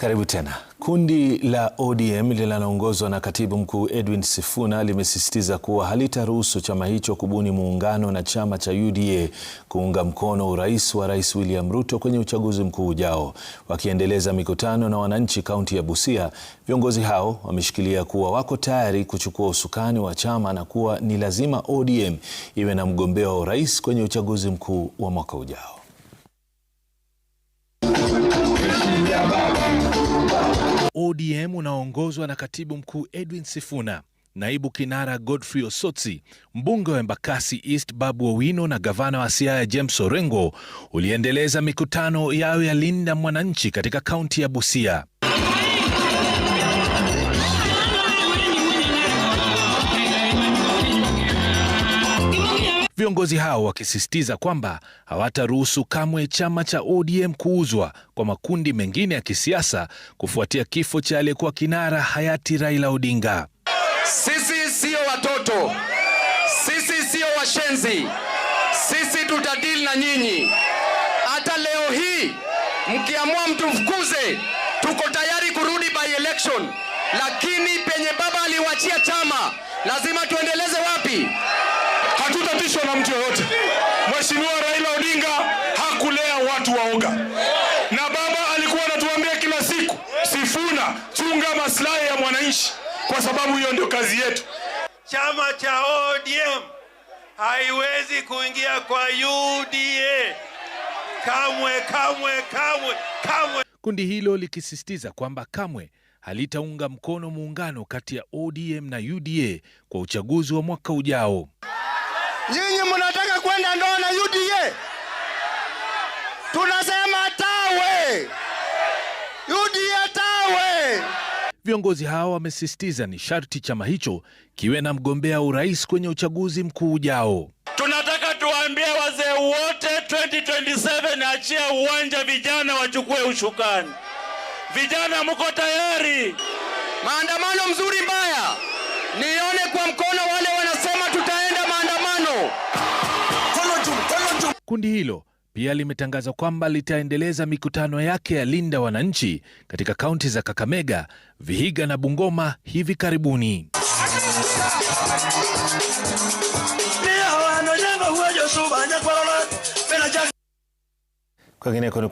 Karibu tena. Kundi la ODM linaloongozwa na katibu mkuu Edwin Sifuna limesisitiza kuwa halitaruhusu chama hicho kubuni muungano na chama cha UDA kuunga mkono urais wa Rais William Ruto kwenye uchaguzi mkuu ujao. Wakiendeleza mikutano na wananchi kaunti ya Busia, viongozi hao wameshikilia kuwa wako tayari kuchukua usukani wa chama na kuwa ni lazima ODM iwe na mgombea wa urais kwenye uchaguzi mkuu wa mwaka ujao. ODM unaoongozwa na katibu mkuu Edwin Sifuna, naibu kinara Godfrey Osotsi, mbunge wa Embakasi East Babu Owino na gavana wa Siaya James Orengo uliendeleza mikutano yao ya Linda Mwananchi katika kaunti ya Busia. Viongozi hao wakisisitiza kwamba hawataruhusu kamwe chama cha ODM kuuzwa kwa makundi mengine ya kisiasa kufuatia kifo cha aliyekuwa kinara hayati Raila Odinga. Sisi siyo watoto, sisi siyo washenzi, sisi tutadili na nyinyi. Hata leo hii mkiamua mtufukuze tuko tayari kurudi by election, lakini penye baba aliwachia chama lazima tuendeleze wapi? Raila Odinga hakulea watu waoga, na baba alikuwa anatuambia kila siku, Sifuna, chunga maslahi ya mwananchi, kwa sababu hiyo ndio kazi yetu. Chama cha ODM haiwezi kuingia kwa UDA kamwe, kamwe, kamwe, kamwe. Kundi hilo likisisitiza kwamba kamwe halitaunga mkono muungano kati ya ODM na UDA kwa uchaguzi wa mwaka ujao. Nyinyi mnataka kwenda ndoa na UDA? Tunasema tawe. UDA tawe. Viongozi hao wamesisitiza ni sharti chama hicho kiwe na mgombea urais kwenye uchaguzi mkuu ujao. Tunataka tuwaambie wazee wote 2027 achia uwanja, vijana wachukue ushukani. Vijana mko tayari? Maandamano mzuri mbaya, nione kwa mkono wale wana Kundi hilo pia limetangaza kwamba litaendeleza mikutano yake ya linda wananchi katika kaunti za Kakamega, Vihiga na Bungoma hivi karibuni. Kwingineko